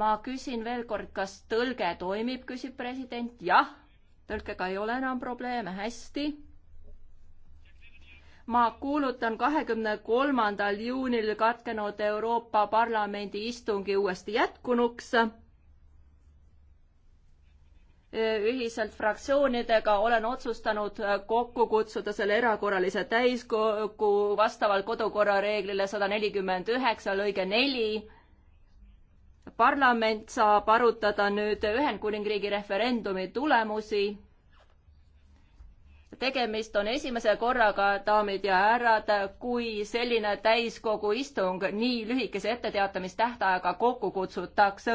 ma küsin veel kord, kas tõlge toimib, küsib president. jah, tõlkega ei ole enam probleeme, hästi. ma kuulutan kahekümne kolmandal juunil katkenud Euroopa Parlamendi istungi uuesti jätkunuks ühiselt fraktsioonidega olen otsustanud kokku kutsuda selle erakorralise täiskogu vastavalt kodukorra reeglile sada nelikümmend üheksa lõige neli parlament saab arutada nüüd Ühendkuningriigi referendumi tulemusi. tegemist on esimese korraga, daamid ja härrad, kui selline täiskogu istung nii lühikese etteteatamistähtajaga kokku kutsutakse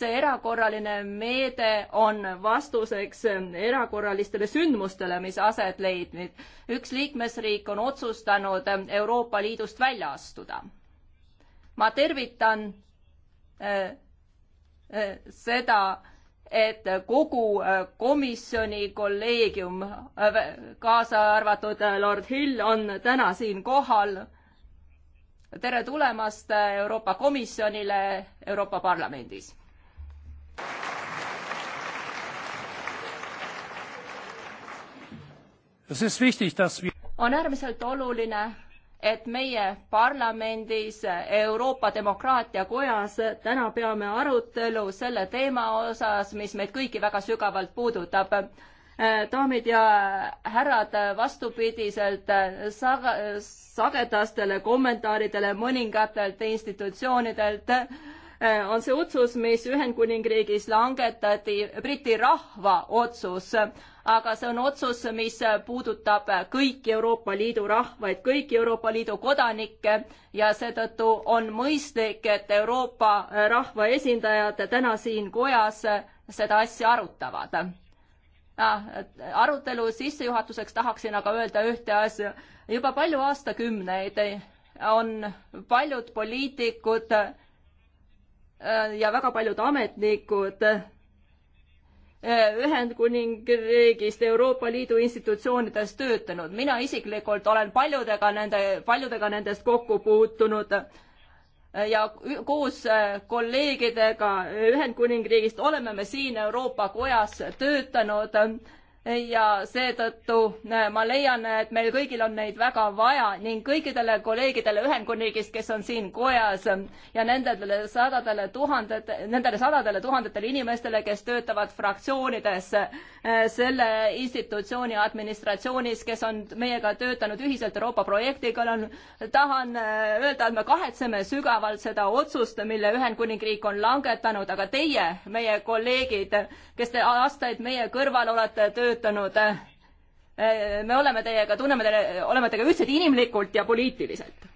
see erakorraline meede on vastuseks erakorralistele sündmustele, mis aset leidnud. üks liikmesriik on otsustanud Euroopa Liidust välja astuda. ma tervitan Äh, äh, seda, et kogu äh, komisjoni kolleegium, kaasa arvatud lord Hill, on täna siin kohal. tere tulemast Euroopa Komisjonile Euroopa Parlamendis on äärmiselt oluline, et meie parlamendis, Euroopa demokraatiakojas täna peame arutelu selle teema osas, mis meid kõiki väga sügavalt puudutab. daamid ja härrad, vastupidiselt sagedastele kommentaaridele mõningatelt institutsioonidelt äh, Äh, on see otsus, mis Ühendkuningriigis langetati, Briti rahva otsus, aga see on otsus, mis puudutab kõiki Euroopa Liidu rahvaid, kõiki Euroopa Liidu kodanikke ja seetõttu on mõistlik, et Euroopa rahvaesindajad täna siin kojas seda asja arutavad ah, arutelu sissejuhatuseks tahaksin aga öelda ühte asja. juba palju aastakümneid on paljud poliitikud Äh, ja väga paljud ametnikud äh, Ühendkuningriigist Euroopa Liidu institutsioonides töötanud. mina isiklikult olen paljudega nende, paljudega nendest kokku puutunud äh, ja koos kolleegidega Ühendkuningriigist oleme me siin Euroopa Kojas töötanud ja seetõttu äh, ma leian, et meil kõigil on neid väga vaja ning kõikidele kolleegidele Ühendkuningist, kes on siin kojas äh, ja nendele sadadele tuhanded, nendele sadadele tuhandetele inimestele, kes töötavad fraktsioonides äh, selle institutsiooni administratsioonis, kes on meiega töötanud ühiselt Euroopa projekti kallal, tahan öelda, et me kahetseme sügavalt seda otsust, mille Ühendkuningriik on langetanud, aga teie, meie kolleegid, kes te aastaid meie kõrval olete töötanud, töötanud. me oleme teiega, tunneme teile, oleme teiega ühtsed inimlikult ja poliitiliselt.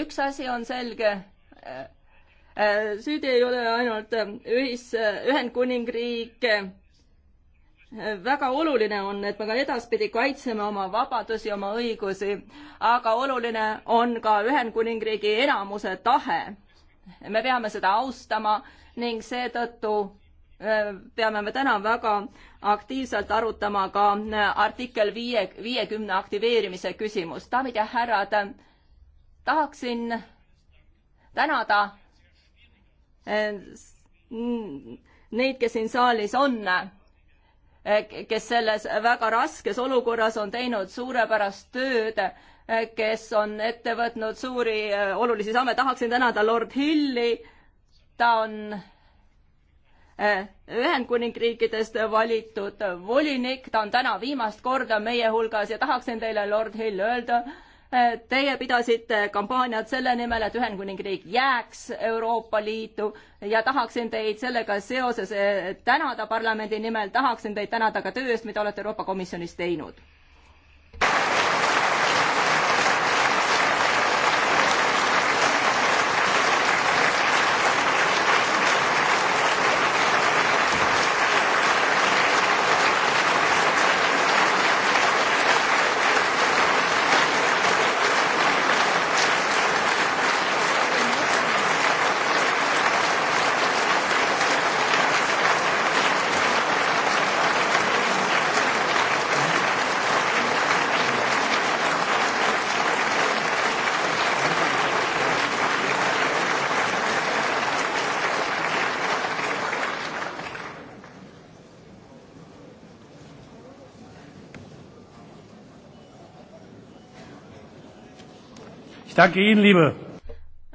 üks asi on selge süüdi ei ole ainult ühis, Ühendkuningriik, väga oluline on, et me ka edaspidi kaitseme oma vabadusi, oma õigusi, aga oluline on ka Ühendkuningriigi enamuse tahe. me peame seda austama ning seetõttu äh, peame me täna väga aktiivselt arutama ka äh, artikkel viie, viiekümne aktiveerimise küsimust. daamid ja härrad, tahaksin tänada äh, neid, kes siin saalis on Eh, kes selles väga raskes olukorras on teinud suurepärast tööd, eh, kes on ette võtnud suuri eh, olulisi samme, tahaksin tänada lord Hilli, ta on Ühendkuningriikidest valitud volinik, ta on täna viimast korda meie hulgas ja tahaksin teile, lord Hill, öelda, Teie pidasite kampaaniat selle nimel, et Ühendkuningriik jääks Euroopa Liitu ja tahaksin teid sellega seoses tänada parlamendi nimel, tahaksin teid tänada ka töö eest, mida olete Euroopa Komisjonis teinud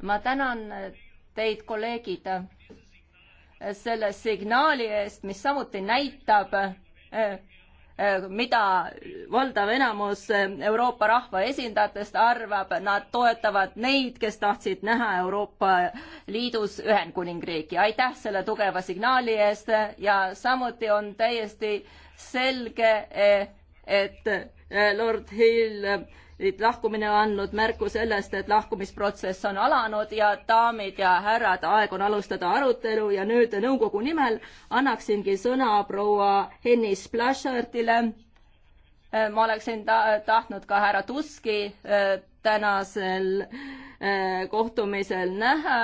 ma tänan teid, kolleegid, selle signaali eest, mis samuti näitab, mida valdav enamus Euroopa rahva esindajatest arvab, nad toetavad neid, kes tahtsid näha Euroopa Liidus Ühendkuningriiki. aitäh selle tugeva signaali eest ja samuti on täiesti selge, et Eh, Lord Hillit eh, lahkumine on andnud märku sellest, et lahkumisprotsess on alanud ja daamid ja härrad, aeg on alustada arutelu ja nüüd nõukogu nimel annaksingi sõna proua Hennis Plashertile. Eh, ma oleksin ta-, tahtnud ka härra Tuski tänasel kohtumisel näha,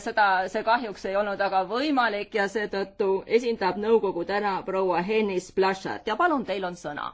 seda, see kahjuks ei olnud aga võimalik ja seetõttu esindab nõukogu täna proua Hennis Plaschert ja palun, teil on sõna